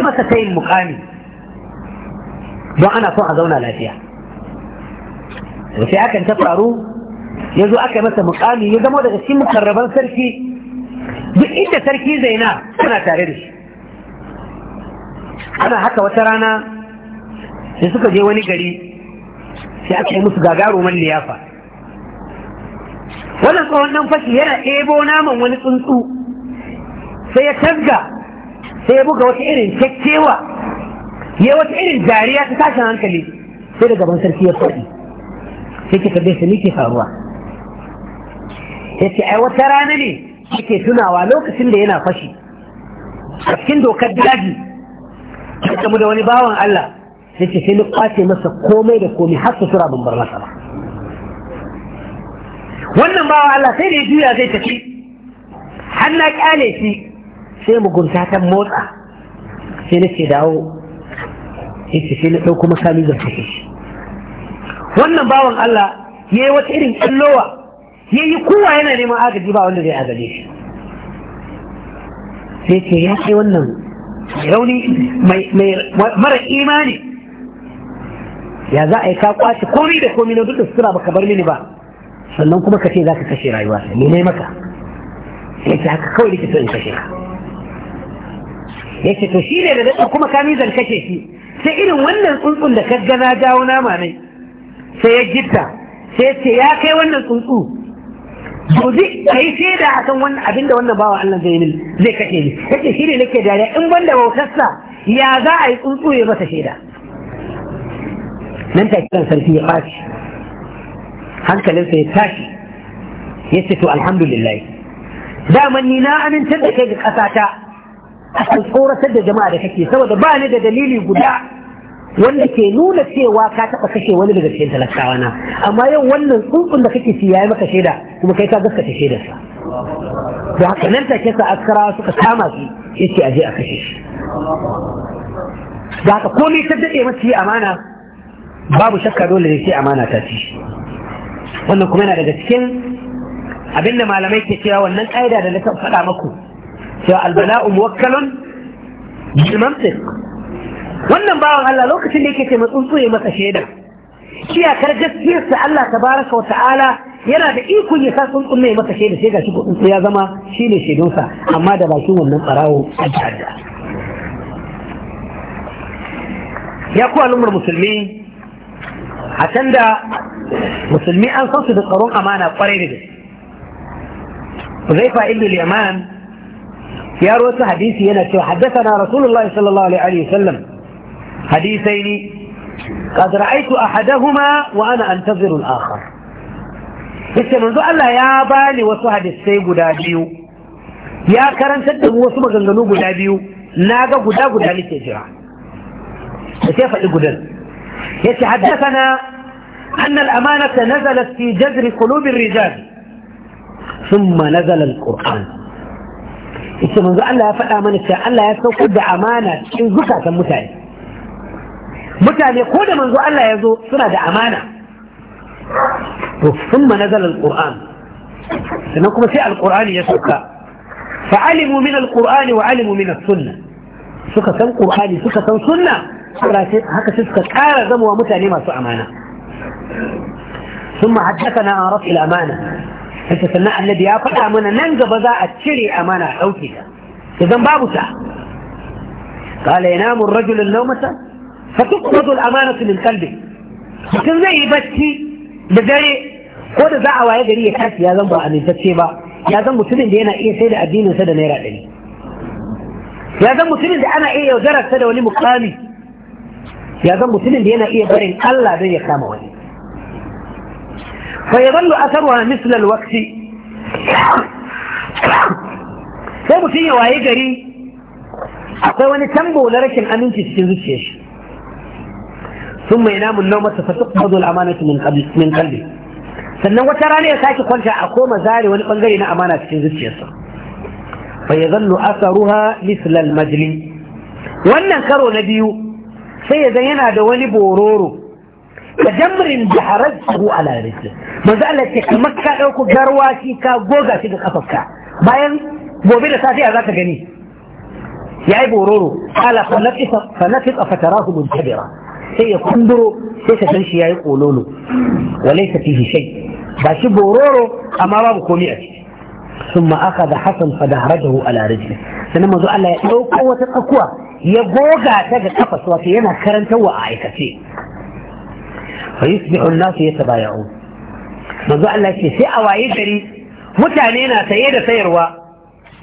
masa tayin mukami don ana son a zauna lafiya sai hakan ta faru ya zo aka masa mukami ya zama daga cikin mukarraban sarki duk inda sarki zaina suna tare da shi ana haka wata rana sai suka je wani gari sai aka yi musu gagaruman liyafa wannan tsohon nan fashi yana ɗebo naman wani tsuntsu sai ya tasga sai ya buga wata irin kyakkyawa ya wata irin jariya ta tashin hankali sai da gaban sarki ya faɗi sai ke tabbai su ke faruwa ya ce ai wata rana ne ake tunawa lokacin da yana fashi a cikin dokar daji ya kamu da wani bawan Allah Sai ke sai na kwace masa komai da komai har su tura ban bar masa ba wannan bawan Allah sai da ya juya zai tafi har na kyale shi sai mugunta ta motsa sai nake dawo yace sai na ɗauko makami zan kashe shi wannan bawan Allah ya yi wata irin ƙallowa ya yi kowa yana neman agaji ba wanda zai agaje shi sai ce ya kai wannan rauni mara imani ya za a yi ka kwace komi da komi na duk da ba baka bar mini ba sannan kuma ka ce za ka kashe rayuwa ne ne maka sai ta haka kawai likita in kashe ka ya ce to shi ne da daɗa kuma ka mizan kashe shi sai irin wannan tsuntsun da ka na jawo nama ne sai ya gitta sai ya ce ya kai wannan tsuntsu dozi a yi shaida a kan wannan abin da wannan bawa Allah zai zai kashe ni ya ce shi ne nake dariya in ban da bautarsa ya za a yi tsuntsu ya masa shaida nan take kan sarki ya ɓaci hankalinsa ya tashi ya ce to alhamdulillah daman ni na amintar da kai ga ƙasata akan tsoratar da jama'a da kake saboda ba ni da dalili guda wanda ke nuna cewa ka taɓa kashe wani daga cikin talakawa na amma yau wannan tsuntsun da kake ci yayi maka shaida kuma kai ka gaskata sa, da haka nan take sa askarawa suka kama shi yace a a kashe shi da haka komai ta daɗe masu amana babu shakka dole ne sai amana ta ci wannan kuma yana daga cikin abinda malamai ke cewa wannan ƙa'ida da na faɗa maku cewa albala'u muwakkalun bil mantiq wannan bawan Allah lokacin da yake ce matsuntsu ya masa shaida iyakar gaskiyarsa Allah tabaraka wa ta'ala yana da ikon ya sa tsuntsu ne masa shaida sai gashi tsuntsu ya zama shine shaidunsa amma da bakin wannan tsarawo a ta'adda ya ku al'ummar musulmi a can da musulmi an san su da tsaron amana kwarai da gaske Zaifa ibn Yaman يا روت حديثي أنا حدثنا رسول الله صلى الله عليه وسلم حديثين قد رأيت أحدهما وأنا أنتظر الآخر إذا منذ الله يا بالي وسو حديث سيب دابيو يا كرن سدب وسو مغنغنو دابيو ناغا غدا غدا لتجرع كيف يقول حدثنا أن الأمانة نزلت في جذر قلوب الرجال ثم نزل القرآن yace manzo Allah ya faɗa mana cewa Allah ya saukar da amana cikin zukatan mutane mutane ko da manzo Allah ya zo suna da amana to sun ma nazala alquran sannan kuma sai alqurani ya sauka fa alimu min alqurani wa alimu min as-sunnah suka san qur'ani suka san sunna haka sai suka ƙara zama wa mutane masu amana ثم حدثنا عن رفع الأمانة ita sannan annabi ya faɗa mana nan gaba za a cire amana ɗauke ta ta zan babu ta قال ينام الرجل النومة فتقبض su min قلبه mutum zai yi bacci da dare ko da za a waye gari ya tashi ya zan ba amintacce ba ya zan mutumin da yana iya sai da addininsa da naira ɗari ya zan mutumin da ana iya yaudararsa da wani mukami ya zan mutumin da yana iya barin Allah don ya kama wani فيظل أثرها مثل الوقت sai mutum ya waye gari akwai wani tambo na rashin aminci cikin zuciya shi sun mai namun nau masa fasu kwazo al'amanatu min kalbi sannan wata rana ya sake kwanta a koma zare wani bangare na amana cikin zuciyarsa fa ya zallu asaruha mislal majli wannan karo na biyu sai ya zan yana da wani bororo ka jamrin da harajtahu ala rijli manzo Allah ce kamar ka garwa shi ka goga shi ga kafafka. bayan gobe da safiya za ka gani yayi bororo ala fatara fanatika fatarahu bira. sai ya kunduro sai ka san shi yayi kololo walaysa fi shay ba shi bororo amma babu komai a ciki ثم أخذ حسن فدهرجه على رجله سنما ذو الله يقول قوة الأقوى يبوغا تجد yana karantarwa a aikace fa yusbi'u an-nas yatabaya'un manzo Allah ce sai a waye gari mutane na saye da sayarwa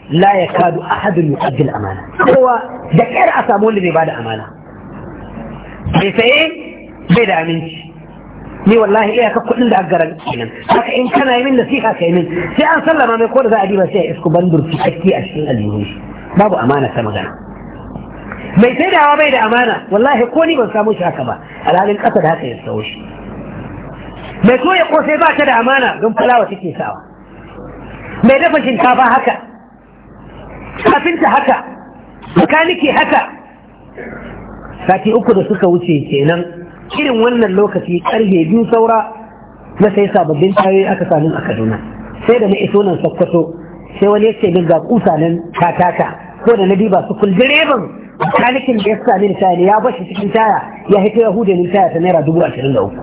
layaka yakadu ahadun yu'addi al-amana kowa da kyar a samu wanda bai bada amana bai saye bai da aminci ni wallahi iya ka kuɗin da aka garan kenan haka in kana yi min nasiha kai min sai an sallama mai ko da za a diba sai a isku bandur fi a cikin aljihu babu amana ta magana mai saidawa bai da amana wallahi ko ni ban samu shi haka ba alhalin kasa da haka ya sawo shi mai ya kosai ba ta da amana don fulawa take sawa mai dafa shinkafa haka kafinta haka makaniki haka sati uku da suka wuce kenan irin wannan lokaci karfe biyu saura na sai sababbin tayoyi aka samu a kaduna sai da na iso nan sakkwato sai wani ya ce min ga kusa nan kataka ko da na diba su kul direban malikin da ya taya ne ya bashi cikin taya ya hito yahuda ne taya ta naira dubu ashirin da uku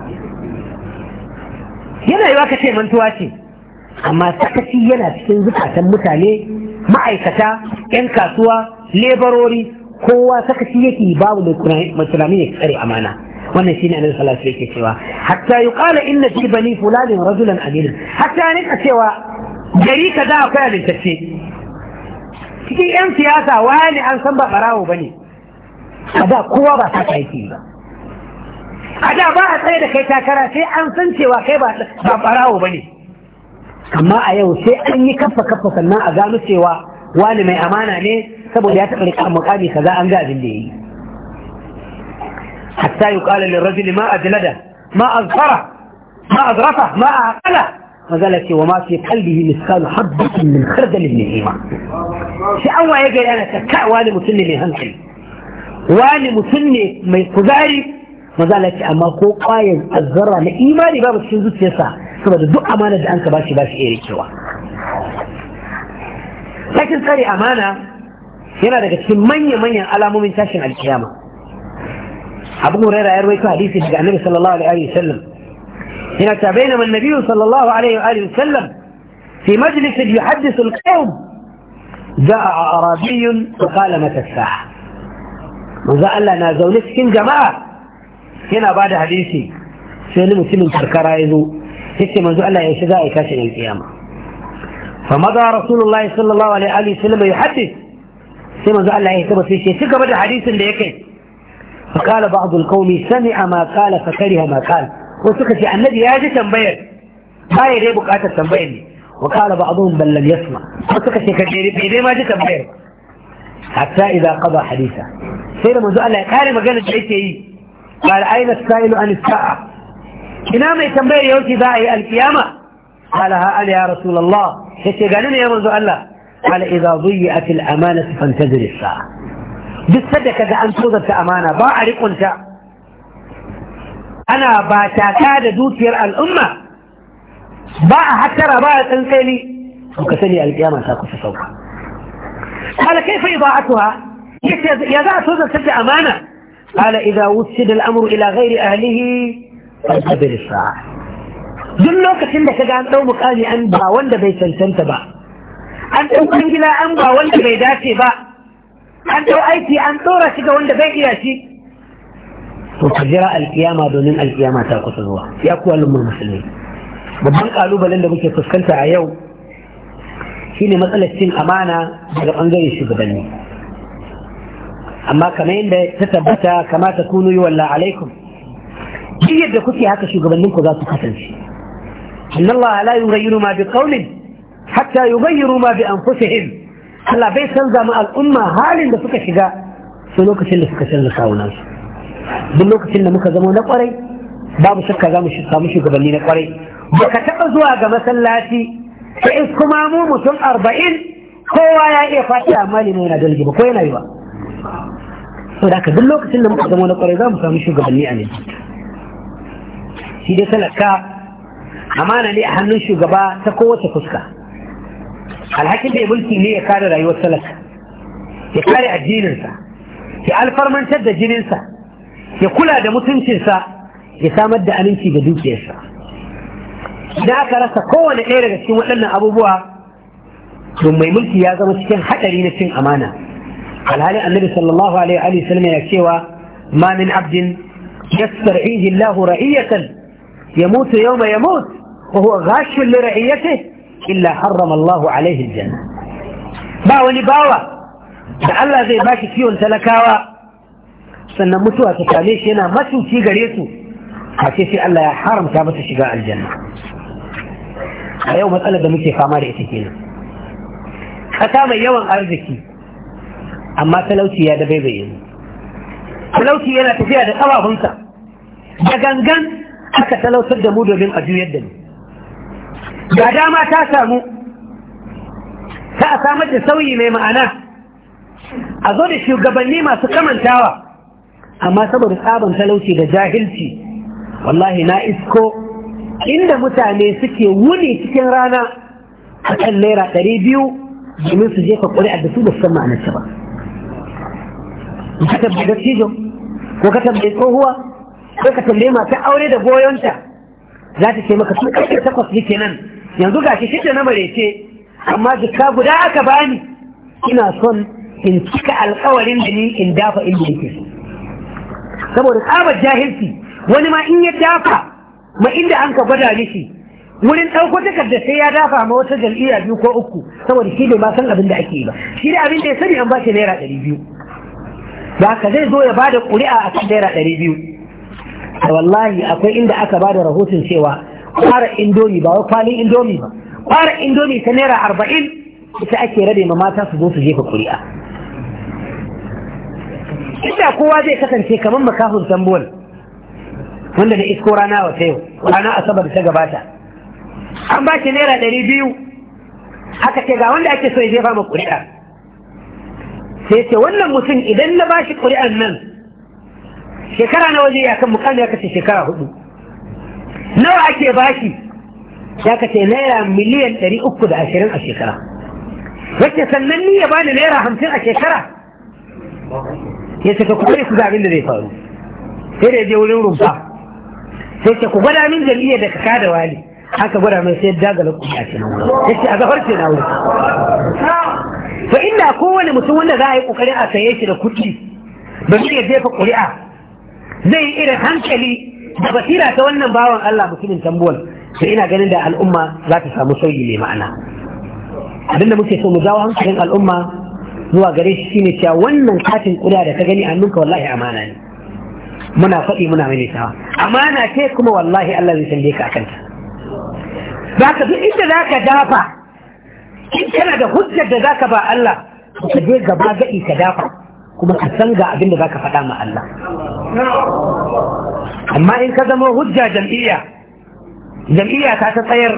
yana yiwa ka ce mantuwa ce amma sakaci yana cikin zukatan mutane ma'aikata 'yan kasuwa lebarori kowa sakaci yake babu mai tunani ya tsare amana wannan shine annabi sallallahu alaihi yake cewa hatta yuqala inna fi bani fulanin rajulan amin hatta ne cewa gari kaza akwai amintacce cikin 'yan siyasa wani an san ba ɓarawo ba ne a da kowa ba ta aiki ba a da ba a tsaye da kai takara sai an san cewa kai ba ɓarawo ba ne amma a yau sai an yi kafa kafa sannan a gano cewa wani mai amana ne saboda ya taɓa rika ka kaza an ga abin da ya yi hatta yuqala lirrajuli ma ajlada ma azfara ma zarafa, ma aqala غزلتي وما في قلبه مثقال حبة من خردل النهيمة شيء أول يجي أنا تكاء واني مسني من هنحي واني مسني من قذاري غزلتي أما قو قايل الزرع لإيماني باب الشنزو تيسا ثم دو أمانة أنك باش باشي إيري كوا لكن تاري أمانة هنا دك تمني مني على مومنتاشن على الكيامة أبو هريرة يروي كو حديثي النبي صلى الله عليه وسلم هناك بينما النبي صلى الله عليه وآله وسلم في مجلس يحدث القوم جاء اعرابي وقال متى الساعة وزاء لنا زولك كن جماعة هنا بعد حديثي سلم سلم تركرا يزو هكي من زؤلنا يشزاء كاشن القيامة فمضى رسول الله صلى الله عليه واله وسلم يحدث سلم لنا يهتم في شيء سكبت حديث ليكي فقال بعض القوم سمع ما قال فكره ما قال ko suka ce annabi ya ji tambayar ba ya dai bukatar tambayar ne wa kala ba abun ballan yasma ko suka ce kaje bai dai ma ji tambayar hatta idza qada hadisa sai da manzo Allah ya kare magana da yake yi qala aina sa'ilu an sa'a ina mai tambayar yau ki za a yi alkiyama qala ha al ya rasulullah yace gani ne ya manzo Allah qala idza dhiyat al amanatu fantazir as sa'a duk sadda kaga an tozarta amana ba a rikunta ana ba taka da dukiyar al'umma ba a hattara ba a tsantsani to ka sani alƙiyama ta kusa sauka ba Ya za a يا ذا تظهر تبدأ أمانة قال إذا وسد الأمر إلى غير أهله فانتظر الساعة دل lokacin da kaga an dau mukami an ba wanda bai cancanta ba an dau kungila an ba wanda bai dace ba an dau aiki an dora shi ga wanda bai iya shi to ka jira alkiyama domin alkiyama ta kusa zuwa ya kuwa lummul musulmi babban kalubalen da muke fuskanta a yau shine matsalar cin amana daga bangaren shugabanni amma kamar yadda ta tabbata kamata kunu yi walla alaikum duk yadda kuke haka shugabannin ku za su kasance inna Allah la yughayyiru ma biqaumin hatta yughayyiru ma bi anfusihim Allah bai canza ma al'umma halin da suka shiga sai lokacin da suka canza kawunansu duk lokacin da muka zama na kwarai babu shakka za mu samu shugabanni na kwarai ba ka taɓa zuwa ga masallaci ta kuma mu mutum arba'in kowa ya iya fati amma ne yana dalgi ba ko yana yi ba sau da duk lokacin da muka zama na kwarai za mu samu shugabanni a nan shi dai talaka amana ne a hannun shugaba ta kowace fuska alhakin da mulki ne ya kare rayuwar talaka ya kare addininsa ya alfarmantar da jininsa ya kula da mutuncinsa ya samar da aminci da dukiyarsa da aka rasa kowane ɗaya daga cikin waɗannan abubuwa to mai mulki ya zama cikin haɗari na cin amana alhali annabi sallallahu alaihi wa sallam ya cewa ma min abdin yastar'ihi Allahu ra'iyatan ya mutu يموت وهو غاش لرعيته إلا حرم alaihi عليه ba wani bawa da Allah zai baki kiwon talakawa sannan mutuwa ta same shi yana matuci gare su a ce sai Allah ya haramta masa shiga aljanna a yau matsalar da muke fama da ita kenan kasa mai yawan arziki amma talauci ya dabe bai yanzu talauci yana tafiya da kafafunsa da gangan aka talautar da mu domin a juyar da mu ga dama ta samu ta a samar da sauyi mai ma'ana a zo da shugabanni masu kamantawa amma saboda tsaban talauci da jahilci wallahi na isko inda mutane suke wuni cikin rana a kan naira ɗari biyu domin su jefa ƙuri'a da su da san ma'anarta ba ka tambaye dattijo ko ka tambaye tsohuwa ko ka tambaye masu aure da goyonta za ta ce maka sun ƙarfe takwas ne kenan yanzu gashi shida na marece amma jika guda aka bani ina son in cika alkawarin da ni in dafa inda yake so saboda tsabar jahilci wani ma in ya dafa ma inda an ka gwada mishi wurin ɗauko takarda sai ya dafa ma wata jam'iyya biyu ko uku saboda shi bai ma san abin da ake yi ba shi da abin da ya sani an ba shi naira ɗari biyu ba ka zai zo ya ba da ƙuri'a a kan naira ɗari biyu wallahi akwai inda aka ba da rahoton cewa kwara indomi ba wai kwalin indomi ba kwara indomi ta naira arba'in ita ake rabe ma mata su zo su jefa ƙuri'a inda kowa zai kasance kamar makafin tambuwan wanda da isko rana wa yau rana saboda ta gabata an ba shi naira ɗari biyu haka ce ga wanda ake so ya jefa ma ƙuri'a sai ce wannan mutum idan na ba shi ƙuri'an nan shekara na waje ya kan mukamin ya kace shekara hudu nawa ake ba shi ya kace naira miliyan ɗari uku da ashirin a shekara wacce sannan ni ya bani naira hamsin a shekara ya ce ku kai ku ga abin da zai faru sai da je wurin rumfa sai ce ku gwada min jam'iyyar da kaka da wali aka gwada mai sai dagala ku a cikin wurin ya ce a gafar ce na wurin to inda kowane mutum wanda za a yi kokarin a saye shi da kuɗi ba zai jefa ƙuri'a zai yi irin hankali da basira ta wannan bawan Allah mutumin tambuwar. sai ina ganin da al'umma za ta samu sauyi mai ma'ana abinda muke so mu jawo hankalin al'umma zuwa gare shi shine cewa wannan katin kuda da ka gani a hannunka wallahi amana ne muna faɗi muna maimaitawa amana ce kuma wallahi Allah zai tambaye ka akan za ka duk inda za ka dafa in kana da hujjar da za ka ba Allah ka je gaba gaɗi ka dafa kuma ka san ga abin da za ka faɗa ma Allah amma in ka zama hujja jam'iyya jam'iyya ta ta tsayar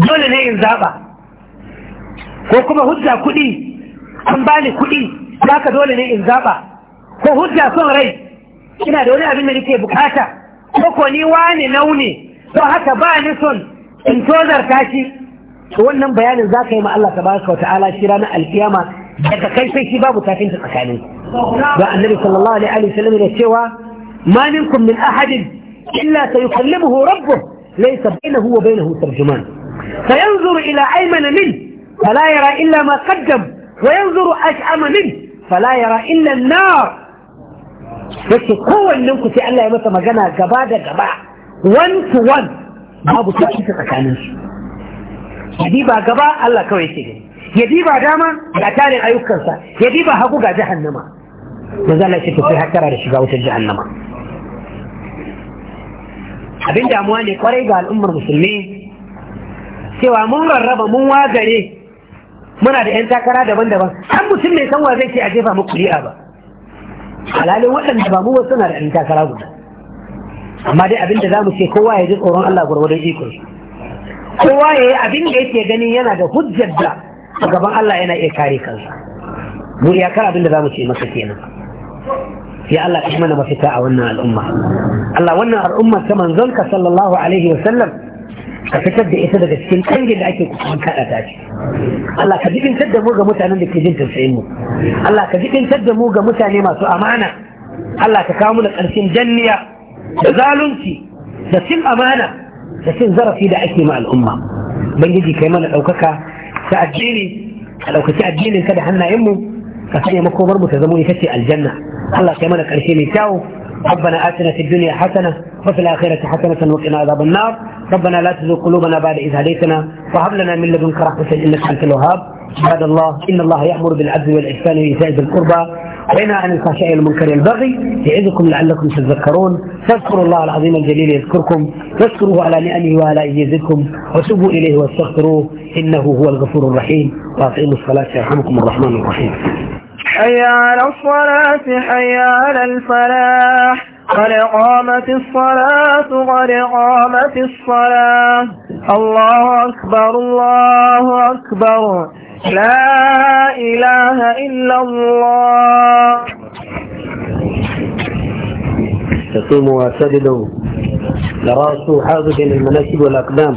dole ne in zaɓa ko kuma hujja kuɗi an bani kuɗi za ka dole ne in zaɓa ko hujja son rai ina da wani abin da nake bukata ko ko ni wani nauni don haka ba ni son in tozarta shi to wannan bayanin za ka yi ma Allah tabaraka wa ta'ala shi ranar alkiyama daga kai sai shi babu tafin ta tsakanin don annabi sallallahu alaihi wa sallam da cewa ma minkum min ahadin illa sayukallimuhu rabbuh laysa bainahu wa bainahu tarjuman فينظر ila أيمن min فلا يرى إلا ما قدم وينظر أشأم منه فلا يرى إلا النار yake kowannen ku sai Allah ya masa magana gaba da gaba one to babu ta kisa tsakanin su gaba Allah kawai yake gani ya ba dama ga tarin ayyukansa ya ba hagu ga Allah sai da shiga wutar abin damuwa ne kwarai ga al'ummar musulmi cewa mun rarraba mun wagare muna da 'yan takara daban-daban an mutum mai sanwa zai ce a jefa mu kuri'a ba halalin waɗanda ba mu wasu suna da 'yan takara guda amma dai abinda za mu ce kowa ya ji tsoron Allah gwargwadon ikon kowa ya yi abin da yake ganin yana da hujjar da a gaban Allah yana iya kare kansa mu iyakar abin da za mu ce masa kenan ya Allah ka mana mafita a wannan al'umma Allah wannan al'umma ta manzonka sallallahu alaihi wa sallam Ka fitar da ita daga cikin tsangin da ake kusan kada ta ce Allah ka jibintar da mu ga mutanen da ke jin tausayin mu Allah ka jibintar da mu ga mutane masu amana Allah ka kawo mu da ƙarshen janniya da zalunci da cin amana da cin zarafi da ake ma al'umma bangiji kai mana ɗaukaka ta addini ka ɗaukaki addinin ka da hannayenmu ka sanya makomar mu ta zamo ita ce aljanna Allah kai mana ƙarshe mai kyau ربنا آتنا في الدنيا حسنة وفي الآخرة حسنة وقنا عذاب النار ربنا لا تزغ قلوبنا بعد إذ هديتنا وهب لنا من لدنك رحمة إنك أنت الوهاب عباد الله إن الله يأمر بالعدل والإحسان وإيتاء ذي القربى وينهى عن الفحشاء والمنكر والبغي يعظكم لعلكم تذكرون فاذكروا الله العظيم الجليل يذكركم واشكروه على نعمه وآلائه يزدكم وتوبوا إليه واستغفروه إنه هو الغفور الرحيم وأقيموا الصلاة يرحمكم الرحمن الرحيم حي على الصلاة حي على الفلاح قد قامت الصلاة قد قامت الصلاة الله أكبر الله أكبر لا إله إلا الله تقوم وسجدوا لرأسه حاضر المناكب والأقدام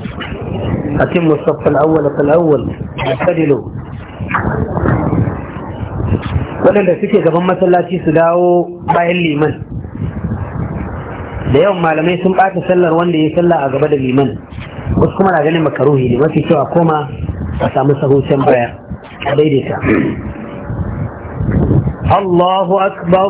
أتم الصف الأول فالأول وسجدوا waɗanda suke gaban masallaci su dawo bayan liman da yawan malamai sun ɓata sallar wanda ya sallah a gaba da liman wasu kuma na ganin makaruhi ne mafi kyau a koma a samu sahocin baya a daidaita Allahu akbar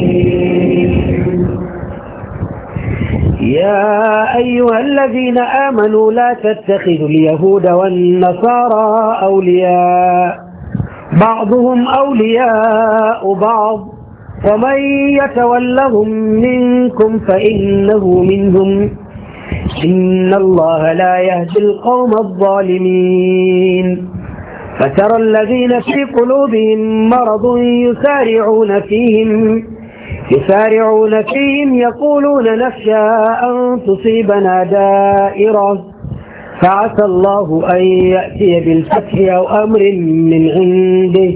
الذين آمنوا لا تتخذوا اليهود والنصارى أولياء بعضهم أولياء بعض ومن يتولهم منكم فإنه منهم إن الله لا يهدي القوم الظالمين فترى الذين في قلوبهم مرض يسارعون فيهم يسارعون فيهم يقولون نخشى أن تصيبنا دائرة فعسى الله أن يأتي بالفتح أو أمر من عنده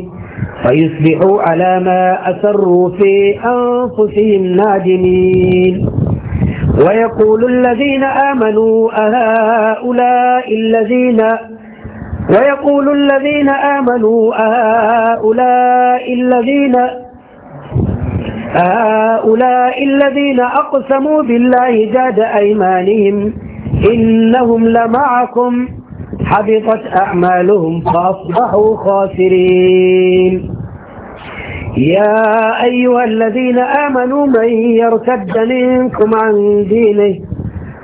فيصبحوا على ما أسروا في أنفسهم نادمين ويقول الذين آمنوا أهؤلاء الذين ويقول الذين آمنوا أهؤلاء الذين هؤلاء الذين أقسموا بالله جاد أيمانهم إنهم لمعكم حبطت أعمالهم فأصبحوا خاسرين يا أيها الذين آمنوا من يرتد منكم عن دينه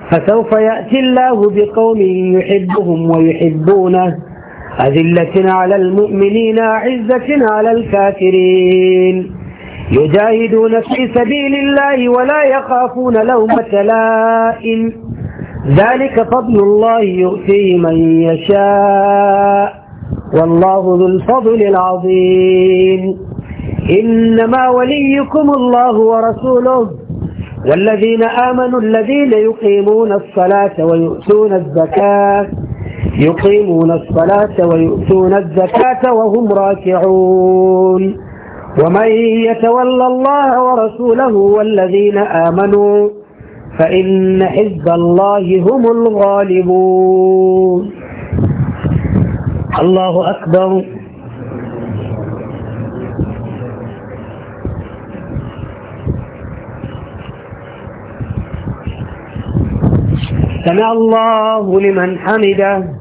فسوف يأتي الله بقوم يحبهم ويحبونه أذلة على المؤمنين أعزة على الكافرين يجاهدون في سبيل الله ولا يخافون لهم تلائم ذلك فضل الله يؤتيه من يشاء والله ذو الفضل العظيم إنما وليكم الله ورسوله والذين آمنوا الذين يقيمون الصلاة ويؤتون الزكاة يقيمون الصلاة ويؤتون الزكاة وهم راكعون ومن يتولى الله ورسوله والذين آمنوا فإن حزب الله هم الغالبون الله أكبر سمع الله لمن حمده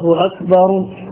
الله أكبر